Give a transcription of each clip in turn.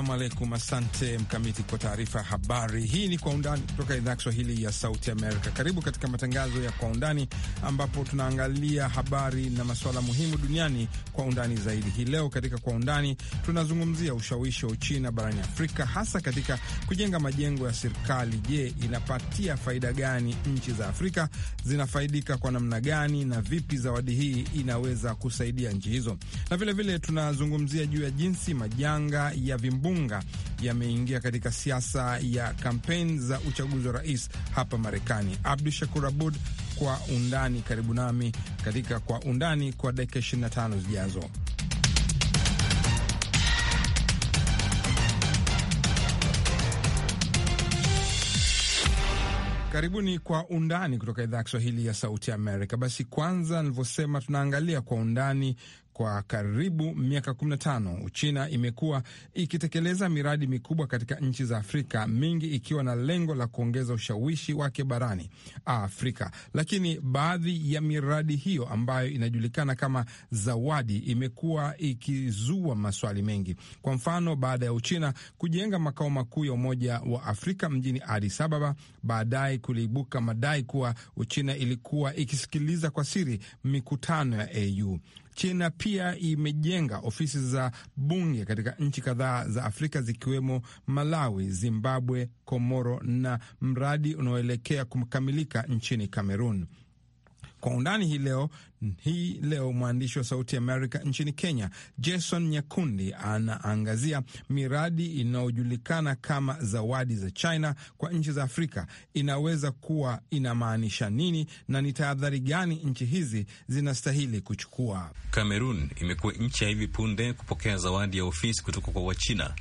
Assalamu alaikum. Asante Mkamiti kwa taarifa ya habari. Hii ni Kwa Undani kutoka idhaa ya Kiswahili ya Sauti Amerika. Karibu katika matangazo ya Kwa Undani ambapo tunaangalia habari na masuala muhimu duniani kwa undani zaidi. Hii leo katika Kwa Undani tunazungumzia ushawishi wa Uchina barani Afrika, hasa katika kujenga majengo ya serikali. Je, inapatia faida gani? Nchi za Afrika zinafaidika kwa namna gani, na vipi zawadi hii inaweza kusaidia nchi hizo? Na vilevile vile tunazungumzia juu ya jinsi majanga ya vimbu kimbunga yameingia katika siasa ya kampeni za uchaguzi wa rais hapa Marekani. Abdu Shakur Abud kwa undani, karibu nami katika kwa undani kwa dakika 25 zijazo. Karibuni kwa undani kutoka idhaa ya Kiswahili ya Sauti Amerika. Basi kwanza nilivyosema, tunaangalia kwa undani kwa karibu miaka 15 Uchina imekuwa ikitekeleza miradi mikubwa katika nchi za Afrika, mingi ikiwa na lengo la kuongeza ushawishi wake barani Afrika. Lakini baadhi ya miradi hiyo ambayo inajulikana kama zawadi imekuwa ikizua maswali mengi. Kwa mfano, baada ya Uchina kujenga makao makuu ya Umoja wa Afrika mjini Addis Ababa, baadaye kuliibuka madai kuwa Uchina ilikuwa ikisikiliza kwa siri mikutano ya AU. China pia imejenga ofisi za bunge katika nchi kadhaa za Afrika zikiwemo Malawi, Zimbabwe, Komoro na mradi unaoelekea kukamilika nchini Kamerun. Kwa undani hii leo hii leo, mwandishi wa Sauti Amerika nchini Kenya Jason Nyakundi anaangazia miradi inayojulikana kama zawadi za China kwa nchi za Afrika inaweza kuwa inamaanisha nini na ni tahadhari gani nchi hizi zinastahili kuchukua. Kamerun imekuwa nchi ya hivi punde kupokea zawadi ya ofisi kutoka kwa Wachina,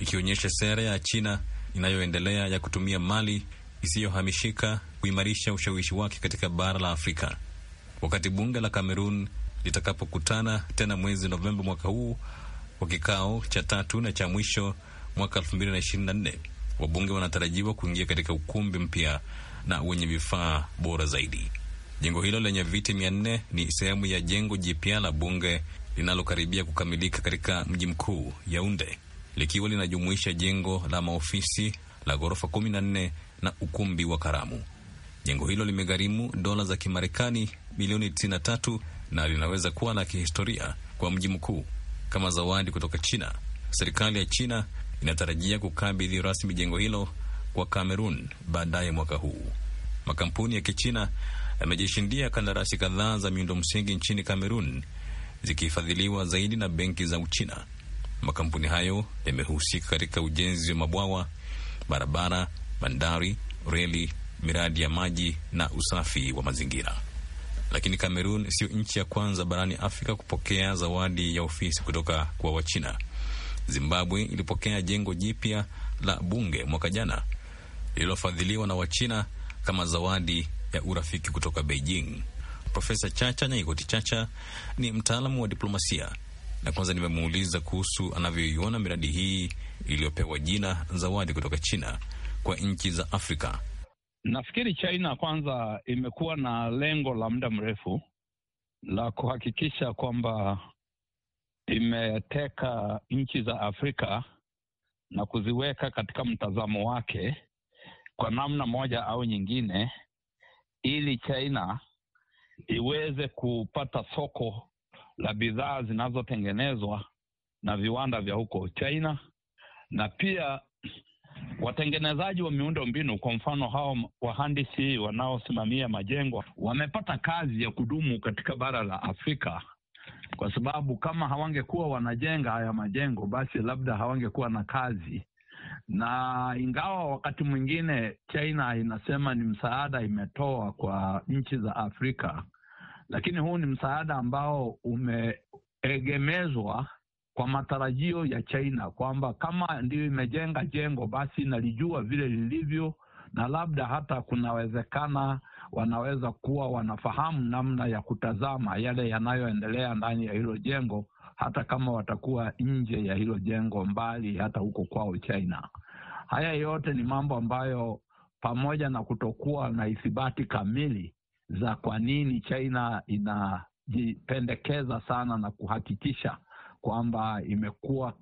ikionyesha sera ya China inayoendelea ya kutumia mali isiyohamishika kuimarisha ushawishi wake katika bara la Afrika wakati bunge la Kamerun litakapokutana tena mwezi Novemba mwaka huu kwa kikao cha tatu na cha mwisho mwaka 2024. Wabunge wanatarajiwa kuingia katika ukumbi mpya na wenye vifaa bora zaidi. Jengo hilo lenye viti 400 ni sehemu ya jengo jipya la bunge linalokaribia kukamilika katika mji mkuu Yaunde, likiwa linajumuisha jengo la maofisi la ghorofa 14 na ukumbi wa karamu. Jengo hilo limegharimu dola za Kimarekani milioni 93 na linaweza kuwa la kihistoria kwa mji mkuu kama zawadi kutoka China. Serikali ya China inatarajia kukabidhi rasmi jengo hilo kwa Kamerun baadaye mwaka huu. Makampuni ya Kichina yamejishindia kandarasi kadhaa za miundo msingi nchini Kamerun, zikifadhiliwa zaidi na benki za Uchina. Makampuni hayo yamehusika katika ujenzi wa mabwawa, barabara bandari, reli, miradi ya maji na usafi wa mazingira. Lakini Kamerun siyo nchi ya kwanza barani Afrika kupokea zawadi ya ofisi kutoka kwa Wachina. Zimbabwe ilipokea jengo jipya la bunge mwaka jana lililofadhiliwa na Wachina kama zawadi ya urafiki kutoka Beijing. Profesa Chacha nyaikoti Chacha ni mtaalamu wa diplomasia, na kwanza nimemuuliza kuhusu anavyoiona miradi hii iliyopewa jina zawadi kutoka China kwa nchi za Afrika? Nafikiri China kwanza imekuwa na lengo la muda mrefu la kuhakikisha kwamba imeteka nchi za Afrika na kuziweka katika mtazamo wake kwa namna moja au nyingine, ili China iweze kupata soko la bidhaa zinazotengenezwa na viwanda vya huko China na pia Watengenezaji wa miundo mbinu, kwa mfano, hawa wahandisi wanaosimamia majengo wamepata kazi ya kudumu katika bara la Afrika kwa sababu kama hawangekuwa wanajenga haya majengo, basi labda hawangekuwa na kazi. Na ingawa wakati mwingine China inasema ni msaada imetoa kwa nchi za Afrika, lakini huu ni msaada ambao umeegemezwa kwa matarajio ya China kwamba kama ndiyo imejenga jengo basi nalijua vile lilivyo, na labda hata kunawezekana wanaweza kuwa wanafahamu namna ya kutazama yale yanayoendelea ndani ya hilo jengo, hata kama watakuwa nje ya hilo jengo, mbali hata huko kwao China. Haya yote ni mambo ambayo pamoja na kutokuwa na ithibati kamili za kwa nini China inajipendekeza sana na kuhakikisha kwamba imekuwa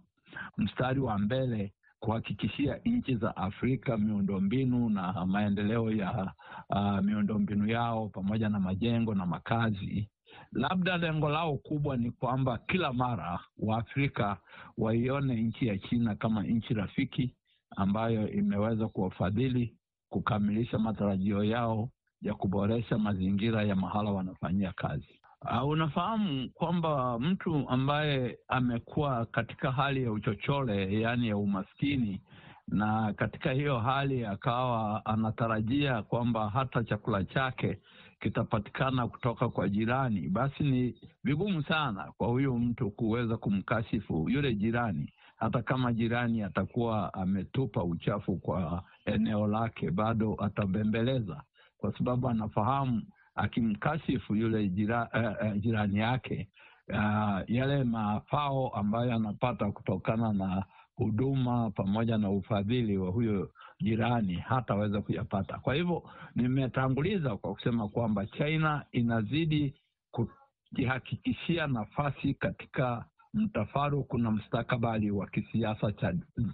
mstari wa mbele kuhakikishia nchi za Afrika miundombinu na maendeleo ya uh, miundombinu yao pamoja na majengo na makazi. Labda lengo lao kubwa ni kwamba kila mara Waafrika waione nchi ya China kama nchi rafiki ambayo imeweza kuwafadhili kukamilisha matarajio yao ya kuboresha mazingira ya mahala wanafanyia kazi. Uh, unafahamu kwamba mtu ambaye amekuwa katika hali ya uchochole, yaani ya umaskini, na katika hiyo hali akawa anatarajia kwamba hata chakula chake kitapatikana kutoka kwa jirani, basi ni vigumu sana kwa huyo mtu kuweza kumkashifu yule jirani, hata kama jirani atakuwa ametupa uchafu kwa eneo lake, bado atabembeleza kwa sababu anafahamu akimkashifu yule jira, uh, uh, jirani yake uh, yale mafao ambayo anapata kutokana na huduma pamoja na ufadhili wa huyo jirani hataweza kuyapata. Kwa hivyo nimetanguliza kwa kusema kwamba China inazidi kujihakikishia nafasi katika mtafaruku na mstakabali wa kisiasa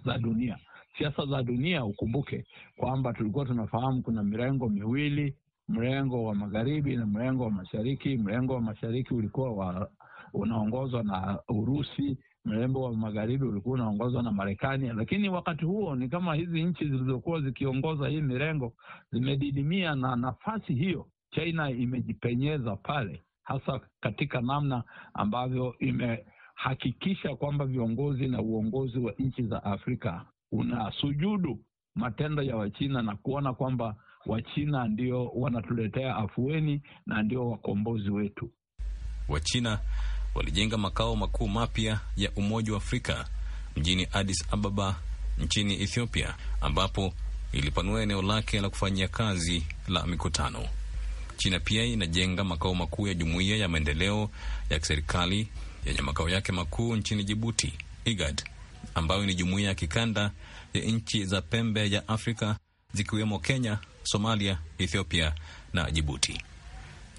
za dunia. Siasa za dunia, ukumbuke kwamba tulikuwa tunafahamu kuna mirengo miwili mrengo wa magharibi na mrengo wa mashariki. Mrengo wa mashariki ulikuwa wa, unaongozwa na Urusi, mrengo wa magharibi ulikuwa unaongozwa na Marekani. Lakini wakati huo ni kama hizi nchi zilizokuwa zikiongoza hii mirengo zimedidimia, na nafasi hiyo China imejipenyeza pale, hasa katika namna ambavyo imehakikisha kwamba viongozi na uongozi wa nchi za Afrika unasujudu matendo ya Wachina na kuona kwamba Wachina ndio wanatuletea afueni na ndio wakombozi wetu. Wachina walijenga makao makuu mapya ya Umoja wa Afrika mjini Addis Ababa nchini Ethiopia, ambapo ilipanua eneo lake la kufanyia kazi la mikutano. China pia inajenga makao makuu ya Jumuiya ya Maendeleo ya Kiserikali yenye makao yake makuu nchini Jibuti, IGAD, ambayo ni jumuiya ya kikanda ya nchi za pembe ya Afrika zikiwemo Kenya, Somalia, Ethiopia na Jibuti.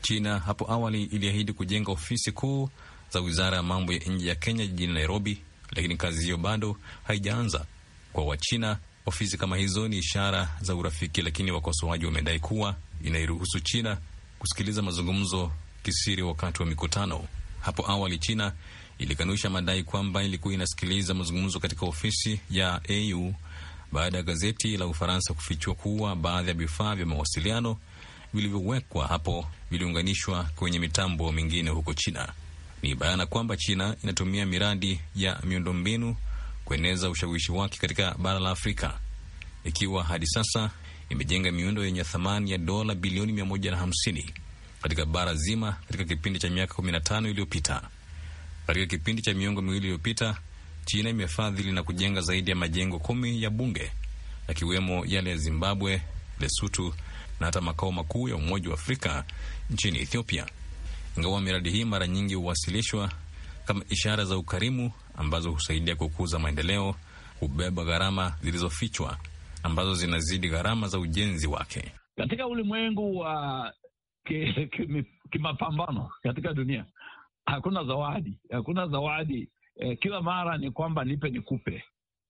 China hapo awali iliahidi kujenga ofisi kuu za wizara ya mambo ya nje ya Kenya jijini Nairobi, lakini kazi hiyo bado haijaanza. Kwa Wachina, ofisi kama hizo ni ishara za urafiki, lakini wakosoaji wamedai kuwa inairuhusu China kusikiliza mazungumzo kisiri wakati wa mikutano. Hapo awali China ilikanusha madai kwamba ilikuwa inasikiliza mazungumzo katika ofisi ya AU baada ya gazeti la Ufaransa kufichua kuwa baadhi ya vifaa vya mawasiliano vilivyowekwa hapo viliunganishwa kwenye mitambo mingine huko China. Ni bayana kwamba China inatumia miradi ya miundombinu kueneza ushawishi wake katika bara la Afrika, ikiwa hadi sasa imejenga miundo yenye thamani ya dola bilioni mia moja na hamsini katika bara zima katika kipindi cha miaka kumi iliyopita. Katika kipindi cha miongo miwili iliyopita China imefadhili na kujenga zaidi ya majengo kumi ya bunge yakiwemo yale ya Zimbabwe, lesutu na hata makao makuu ya Umoja wa Afrika nchini Ethiopia. Ingawa miradi hii mara nyingi huwasilishwa kama ishara za ukarimu ambazo husaidia kukuza maendeleo, hubeba gharama zilizofichwa ambazo zinazidi gharama za ujenzi wake. Katika ulimwengu wa kimapambano ki, ki, katika dunia hakuna zawadi, hakuna zawadi eh, kila mara ni kwamba nipe nikupe.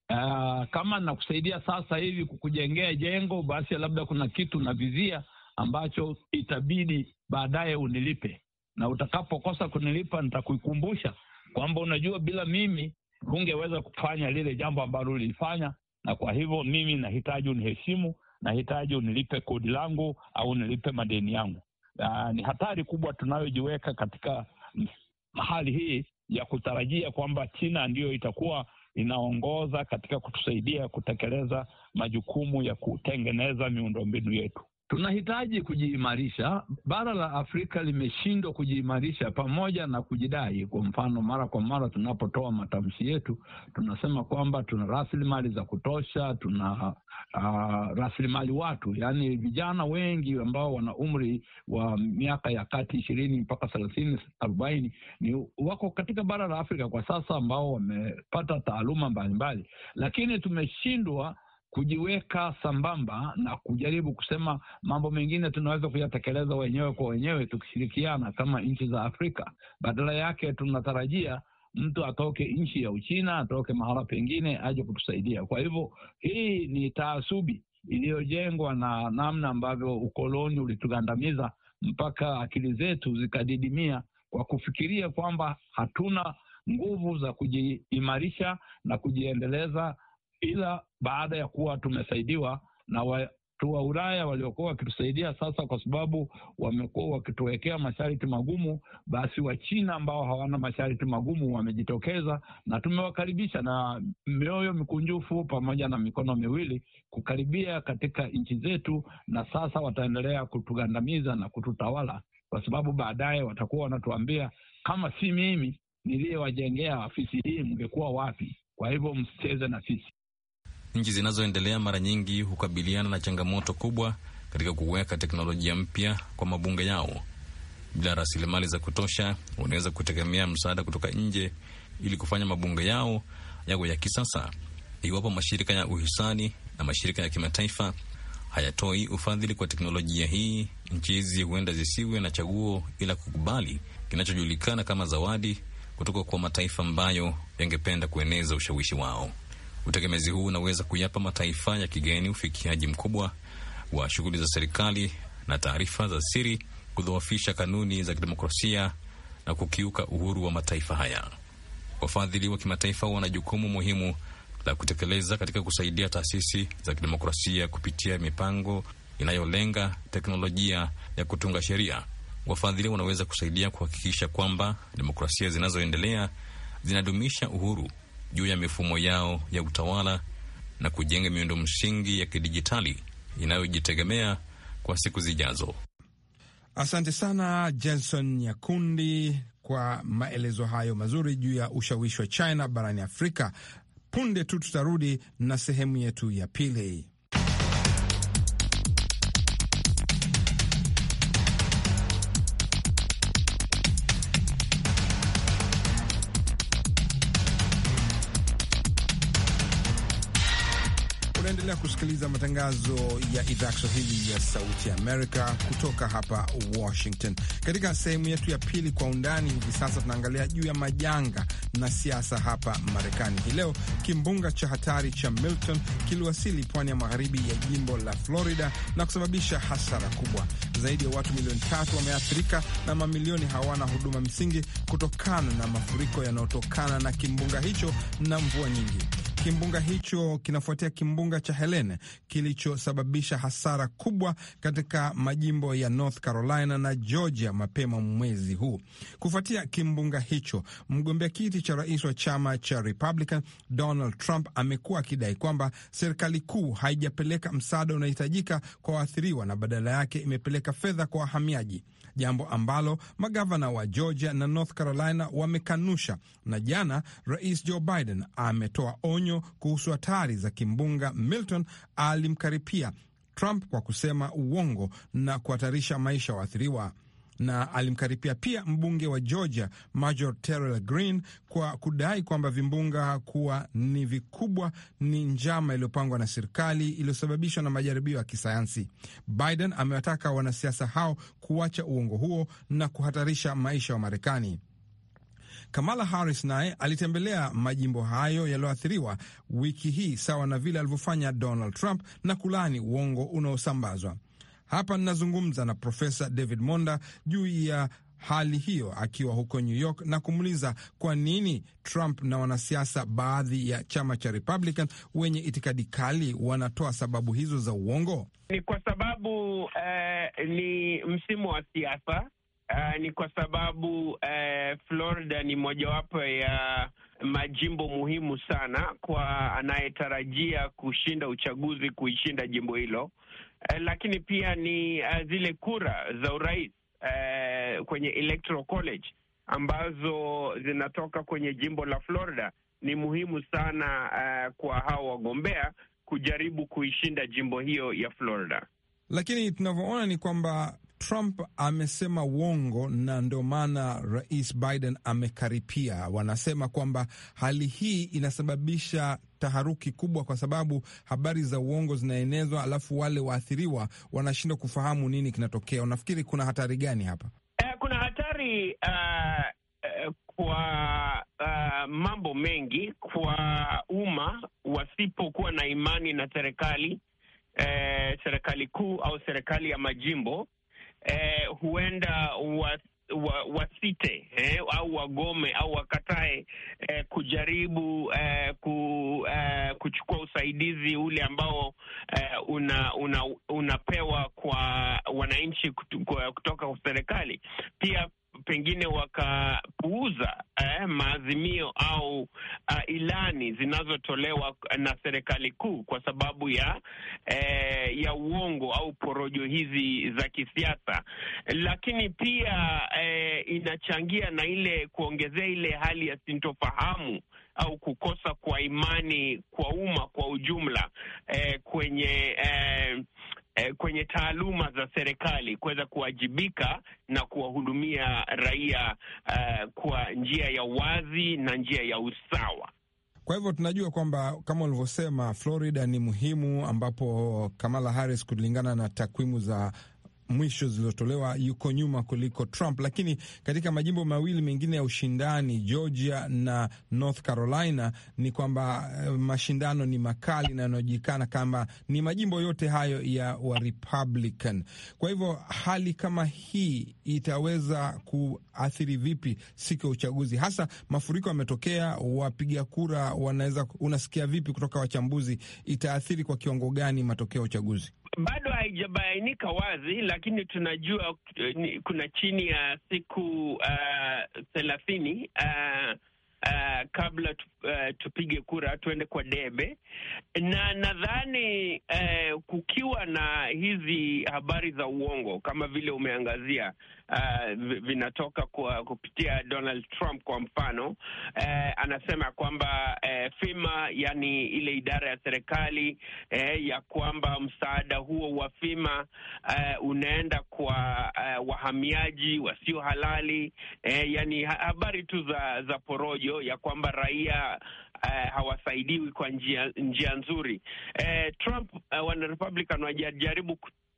Uh, kama nakusaidia sasa hivi kukujengea jengo, basi labda kuna kitu navizia ambacho itabidi baadaye unilipe, na utakapokosa kunilipa nitakuikumbusha kwamba unajua, bila mimi hungeweza kufanya lile jambo ambalo ulilifanya, na kwa hivyo mimi nahitaji uniheshimu, nahitaji unilipe kodi langu au unilipe madeni yangu. Uh, ni hatari kubwa tunayojiweka katika mahali hii ya kutarajia kwamba China ndiyo itakuwa inaongoza katika kutusaidia kutekeleza majukumu ya kutengeneza miundombinu yetu. Tunahitaji kujiimarisha. Bara la Afrika limeshindwa kujiimarisha pamoja na kujidai. Kwa mfano, mara kwa mara tunapotoa matamshi yetu tunasema kwamba tuna rasilimali za kutosha, tuna uh, rasilimali watu, yaani vijana wengi ambao wana umri wa miaka ya kati ishirini mpaka thelathini arobaini ni wako katika bara la Afrika kwa sasa ambao wamepata taaluma mbalimbali, lakini tumeshindwa kujiweka sambamba na kujaribu kusema mambo mengine tunaweza kuyatekeleza wenyewe kwa wenyewe tukishirikiana kama nchi za Afrika. Badala yake tunatarajia mtu atoke nchi ya Uchina, atoke mahala pengine aje kutusaidia. Kwa hivyo hii ni taasubi iliyojengwa na namna ambavyo ukoloni ulitugandamiza mpaka akili zetu zikadidimia kwa kufikiria kwamba hatuna nguvu za kujiimarisha na kujiendeleza, ila baada ya kuwa tumesaidiwa na watu wa Ulaya waliokuwa wakitusaidia. Sasa kwa sababu wamekuwa wakituwekea masharti magumu, basi Wachina ambao hawana masharti magumu wamejitokeza, na tumewakaribisha na mioyo mikunjufu pamoja na mikono miwili kukaribia katika nchi zetu, na sasa wataendelea kutugandamiza na kututawala kwa sababu baadaye watakuwa wanatuambia kama si mimi niliyewajengea afisi hii mngekuwa wapi? Kwa hivyo msicheze na sisi. Nchi zinazoendelea mara nyingi hukabiliana na changamoto kubwa katika kuweka teknolojia mpya kwa mabunge yao. Bila rasilimali za kutosha, wanaweza kutegemea msaada kutoka nje ili kufanya mabunge yao yawe ya kisasa. Iwapo mashirika ya uhisani na mashirika ya kimataifa hayatoi ufadhili kwa teknolojia hii, nchi hizi huenda zisiwe na chaguo ila kukubali kinachojulikana kama zawadi kutoka kwa mataifa ambayo yangependa kueneza ushawishi wao. Utegemezi huu unaweza kuyapa mataifa ya kigeni ufikiaji mkubwa wa shughuli za serikali na taarifa za siri, kudhoofisha kanuni za kidemokrasia na kukiuka uhuru wa mataifa haya. Wafadhili wa kimataifa wana jukumu muhimu la kutekeleza katika kusaidia taasisi za kidemokrasia kupitia mipango inayolenga teknolojia ya kutunga sheria. Wafadhili wanaweza kusaidia kuhakikisha kwamba demokrasia zinazoendelea zinadumisha uhuru juu ya mifumo yao ya utawala na kujenga miundo msingi ya kidijitali inayojitegemea kwa siku zijazo. Asante sana Jason Nyakundi kwa maelezo hayo mazuri juu ya ushawishi wa China barani Afrika. Punde tu tutarudi na sehemu yetu ya pili. kusikiliza matangazo ya idhaa Kiswahili ya Sauti Amerika kutoka hapa Washington. Katika sehemu yetu ya pili kwa undani, hivi sasa tunaangalia juu ya majanga na siasa hapa Marekani. Hii leo kimbunga cha hatari cha Milton kiliwasili pwani ya magharibi ya jimbo la Florida na kusababisha hasara kubwa. Zaidi ya watu milioni tatu wameathirika na mamilioni hawana huduma msingi kutokana na mafuriko yanayotokana na kimbunga hicho na mvua nyingi. Kimbunga hicho kinafuatia kimbunga cha Helene kilichosababisha hasara kubwa katika majimbo ya North Carolina na Georgia mapema mwezi huu. Kufuatia kimbunga hicho, mgombea kiti cha rais wa chama cha Republican Donald Trump amekuwa akidai kwamba serikali kuu haijapeleka msaada unahitajika kwa waathiriwa na badala yake imepeleka fedha kwa wahamiaji jambo ambalo magavana wa Georgia na North Carolina wamekanusha, na jana Rais Joe Biden ametoa onyo kuhusu hatari za kimbunga Milton. Alimkaripia Trump kwa kusema uongo na kuhatarisha maisha waathiriwa na alimkaripia pia mbunge wa Georgia Major Terrell Green kwa kudai kwamba vimbunga kuwa ni vikubwa, ni njama iliyopangwa na serikali iliyosababishwa na majaribio ya kisayansi. Biden amewataka wanasiasa hao kuacha uongo huo na kuhatarisha maisha wa Marekani. Kamala Harris naye alitembelea majimbo hayo yaliyoathiriwa wiki hii sawa na vile alivyofanya Donald Trump na kulaani uongo unaosambazwa. Hapa ninazungumza na Profesa David Monda juu ya hali hiyo akiwa huko New York na kumuuliza kwa nini Trump na wanasiasa baadhi ya chama cha Republican wenye itikadi kali wanatoa sababu hizo za uongo. Ni kwa sababu uh, ni msimu wa siasa uh, ni kwa sababu uh, Florida ni mojawapo ya majimbo muhimu sana kwa anayetarajia kushinda uchaguzi kuishinda jimbo hilo eh, lakini pia ni uh, zile kura za urais eh, kwenye electoral college ambazo zinatoka kwenye jimbo la Florida ni muhimu sana uh, kwa hao wagombea kujaribu kuishinda jimbo hiyo ya Florida. Lakini tunavyoona ni kwamba Trump amesema uongo na ndio maana Rais Biden amekaripia. Wanasema kwamba hali hii inasababisha taharuki kubwa, kwa sababu habari za uongo zinaenezwa, alafu wale waathiriwa wanashindwa kufahamu nini kinatokea. Unafikiri kuna hatari gani hapa? Eh, kuna hatari uh, uh, kwa uh, mambo mengi kwa umma wasipokuwa na imani na serikali eh, serikali kuu au serikali ya majimbo eh, huenda wa, wasite eh, au wagome au wakatae eh, kujaribu eh, ku, eh, kuchukua usaidizi ule ambao eh, una, una, unapewa kwa wananchi kutoka kwa serikali pia pengine wakapuuza eh, maazimio au uh, ilani zinazotolewa na serikali kuu kwa sababu ya eh, ya uongo au porojo hizi za kisiasa, lakini pia eh, inachangia na ile kuongezea ile hali ya sintofahamu au kukosa kwa imani kwa umma kwa ujumla eh, kwenye eh, eh, kwenye taaluma za serikali kuweza kuwajibika na kuwahudumia raia eh, kwa njia ya wazi na njia ya usawa. Kwa hivyo tunajua kwamba kama ulivyosema, Florida ni muhimu, ambapo Kamala Harris kulingana na takwimu za mwisho zilizotolewa yuko nyuma kuliko Trump, lakini katika majimbo mawili mengine ya ushindani Georgia na North Carolina ni kwamba eh, mashindano ni makali na yanayojulikana kama ni majimbo yote hayo ya wa Republican. Kwa hivyo hali kama hii itaweza kuathiri vipi siku ya uchaguzi, hasa mafuriko yametokea, wapiga kura wanaweza, unasikia vipi kutoka wachambuzi, itaathiri kwa kiwango gani matokeo ya uchaguzi? bado haijabainika wazi, lakini tunajua eh, kuna chini ya siku eh, thelathini uh, uh, uh, kabla tu, uh, tupige kura tuende kwa debe, na nadhani uh, kukiwa na hizi habari za uongo kama vile umeangazia uh, vinatoka kwa kupitia Donald Trump kwa mfano uh, anasema kwamba uh, FEMA yani ile idara ya serikali uh, ya kwamba msaada huo wa FEMA uh, unaenda kwa uh, wahamiaji wasio halali uh, yani habari tu za, za porojo ya kwamba raia Uh, hawasaidiwi kwa njia njia nzuri. Uh, Trump uh, wana Republican wajajaribu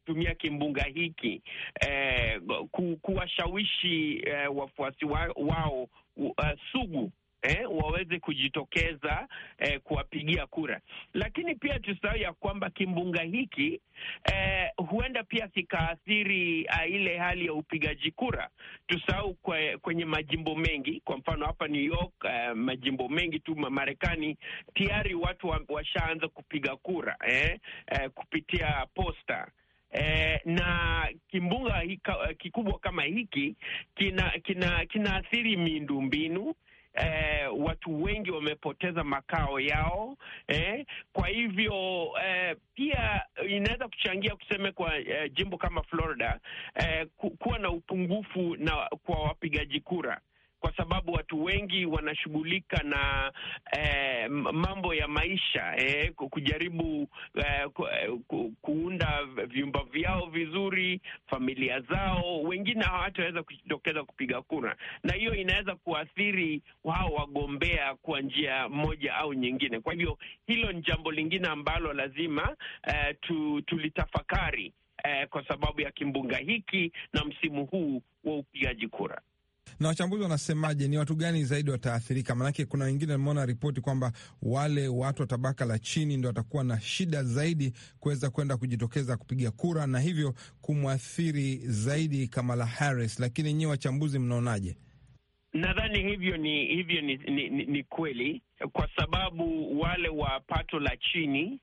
kutumia kimbunga hiki eh, ku, kuwashawishi eh, wafuasi wa, wao uh, sugu Eh, waweze kujitokeza eh, kuwapigia kura, lakini pia tusahau ya kwamba kimbunga hiki eh, huenda pia kikaathiri uh, ile hali ya upigaji kura. Tusahau kwe, kwenye majimbo mengi, kwa mfano hapa New York uh, majimbo mengi tu Marekani tayari watu washaanza kupiga kura eh, eh, kupitia posta eh, na kimbunga hika, eh, kikubwa kama hiki kina kina kinaathiri mbinu eh, watu wengi wamepoteza makao yao eh. Kwa hivyo eh, pia inaweza kuchangia kuseme kwa eh, jimbo kama Florida eh, kuwa na upungufu na kwa wapigaji kura kwa sababu watu wengi wanashughulika na eh, mambo ya maisha eh, kujaribu eh, eh kuunda vyumba vyao vizuri, familia zao. Wengine hawataweza kujitokeza kupiga kura, na hiyo inaweza kuathiri wao wagombea kwa njia moja au nyingine. Kwa hivyo hilo ni jambo lingine ambalo lazima eh, tu, tulitafakari eh, kwa sababu ya kimbunga hiki na msimu huu wa upigaji kura. Na wachambuzi wanasemaje? Ni watu gani zaidi wataathirika? Maanake kuna wengine wameona ripoti kwamba wale watu wa tabaka la chini ndo watakuwa na shida zaidi kuweza kwenda kujitokeza kupiga kura, na hivyo kumwathiri zaidi Kamala Harris. Lakini nyiwe wachambuzi mnaonaje? Nadhani hivyo ni hivyo ni, ni, ni, ni kweli kwa sababu wale wa pato la chini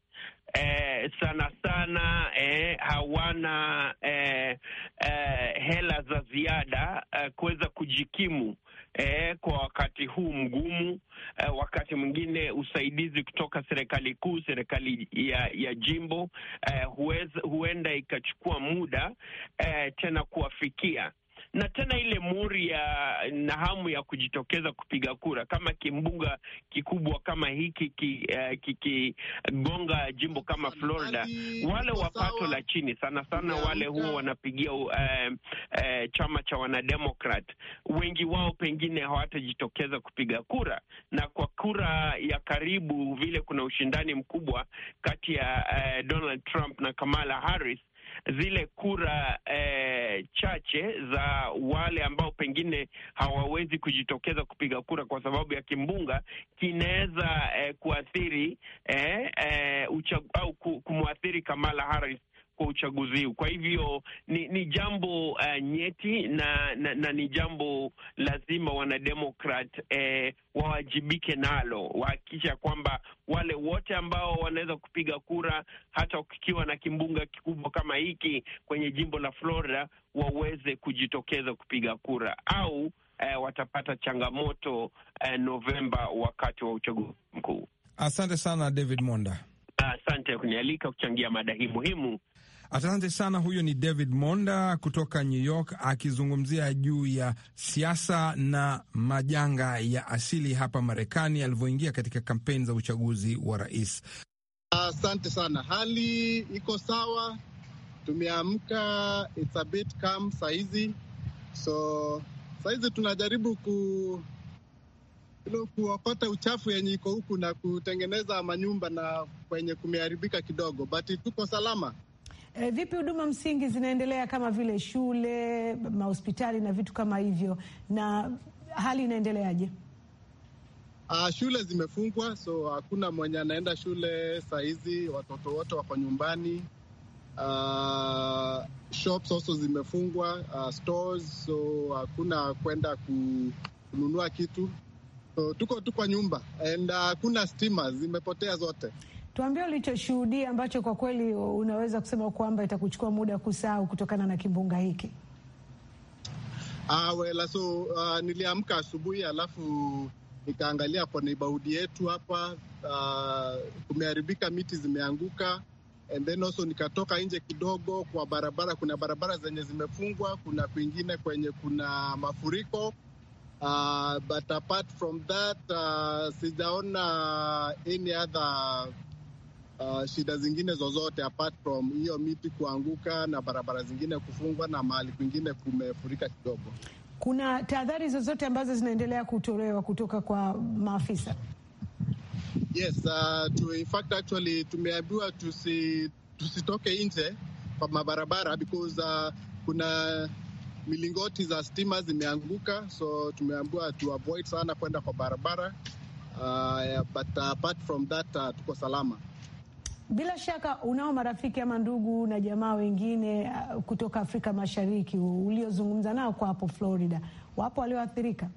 eh, sana sana eh, hawana eh, eh, hela za ziada eh, kuweza kujikimu eh, kwa wakati huu mgumu eh, wakati mwingine usaidizi kutoka serikali kuu, serikali ya, ya jimbo eh, huweza, huenda ikachukua muda eh, tena kuwafikia na tena ile muri ya na hamu ya kujitokeza kupiga kura, kama kimbunga kikubwa kama hiki eh, kikigonga uh, jimbo kama Florida, wale wa pato la chini sana sana wale huwa wanapigia uh, uh, chama cha wanademokrat, wengi wao pengine hawatajitokeza kupiga kura, na kwa kura ya karibu vile kuna ushindani mkubwa kati ya uh, Donald Trump na Kamala Harris zile kura eh, chache za wale ambao pengine hawawezi kujitokeza kupiga kura kwa sababu ya kimbunga kinaweza eh, kuathiri eh, eh, au kumwathiri Kamala Harris kwa uchaguzi huu. Kwa hivyo ni, ni jambo uh, nyeti na, na, na ni jambo lazima wanademokrat eh, wawajibike nalo, wahakikisha kwamba wale wote ambao wanaweza kupiga kura hata ukikiwa na kimbunga kikubwa kama hiki kwenye jimbo la Florida waweze kujitokeza kupiga kura au eh, watapata changamoto eh, Novemba wakati wa uchaguzi mkuu. Asante sana David Monda. Asante kunialika kuchangia mada hii muhimu Asante sana. Huyo ni David Monda kutoka New York akizungumzia juu ya siasa na majanga ya asili hapa Marekani alivyoingia katika kampeni za uchaguzi wa rais. Asante sana. Hali iko sawa, tumeamka, it's a bit calm sahizi, so sahizi tunajaribu ku kuokota uchafu yenye iko huku na kutengeneza manyumba na kwenye kumeharibika kidogo, but tuko salama. E, vipi huduma msingi zinaendelea kama vile shule, mahospitali na vitu kama hivyo, na hali inaendeleaje? Uh, shule zimefungwa, so hakuna mwenye anaenda shule saa hizi, watoto wote wako nyumbani. Uh, shops also zimefungwa, uh, stores, so hakuna kwenda kununua kitu, so tuko tu kwa nyumba and hakuna uh, stima zimepotea zote. Tuambie ulichoshuhudia ambacho kwa kweli unaweza kusema kwamba itakuchukua muda kusahau kutokana na kimbunga hiki. Ah, wela so uh, niliamka asubuhi alafu nikaangalia kwa neighborhood yetu hapa uh, kumeharibika, miti zimeanguka and then also nikatoka nje kidogo kwa barabara. Kuna barabara zenye zimefungwa, kuna kwingine kwenye kuna mafuriko uh, but apart from that uh, sijaona any other uh, shida zingine zozote apart from hiyo miti kuanguka na barabara zingine kufungwa na mahali kwingine kumefurika kidogo. Kuna tahadhari zozote ambazo zinaendelea kutolewa kutoka kwa maafisa? Yes, uh, to, in fact actually tumeambiwa tusi, tusitoke nje kwa mabarabara because uh, kuna milingoti za stima zimeanguka, so tumeambiwa to avoid sana kwenda kwa barabara uh, but apart from that uh, tuko salama. Bila shaka unao marafiki ama ndugu na jamaa wengine uh, kutoka Afrika Mashariki uliozungumza nao kwa hapo Florida, wapo walioathirika?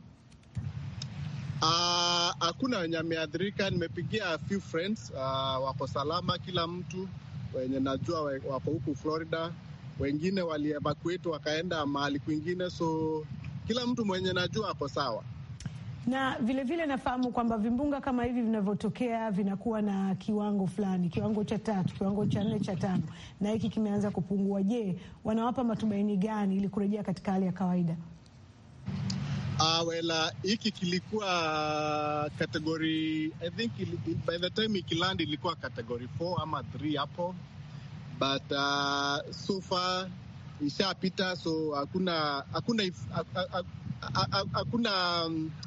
Ah, hakuna uh, wenye ameathirika. Nimepigia few friends uh, wako salama, kila mtu wenye najua wako huku Florida, wengine walievakuate wakaenda mahali kwingine, so kila mtu mwenye najua ako sawa na vilevile vile nafahamu kwamba vimbunga kama hivi vinavyotokea vinakuwa na kiwango fulani, kiwango cha tatu, kiwango cha nne, cha tano, na hiki kimeanza kupungua. Je, wanawapa matumaini gani ili kurejea katika hali ya kawaida? Ah, wela hiki kilikuwa kategori, I think by the time ikiland ilikuwa kategori 4 ama 3 hapo, but uh, so far ishapita, so hakuna hakuna hakuna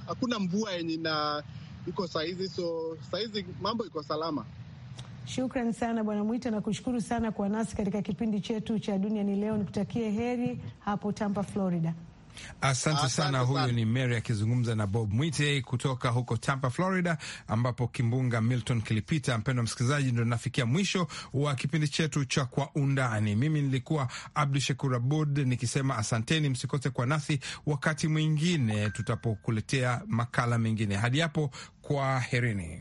hakuna mvua yenye na iko sahizi, so sahizi mambo iko salama. Shukran sana Bwana Mwita, na kushukuru sana kwa nasi katika kipindi chetu cha duniani leo. Nikutakie heri hapo Tampa, Florida. Asante sana, huyu Ni Mary akizungumza na Bob Mwite kutoka huko Tampa, Florida, ambapo kimbunga Milton kilipita. Mpendwa msikilizaji, ndo nafikia mwisho wa kipindi chetu cha Kwa Undani. Mimi nilikuwa Abdu Shakur Abud nikisema asanteni, msikose kwa nasi wakati mwingine tutapokuletea makala mengine. Hadi hapo, kwa herini.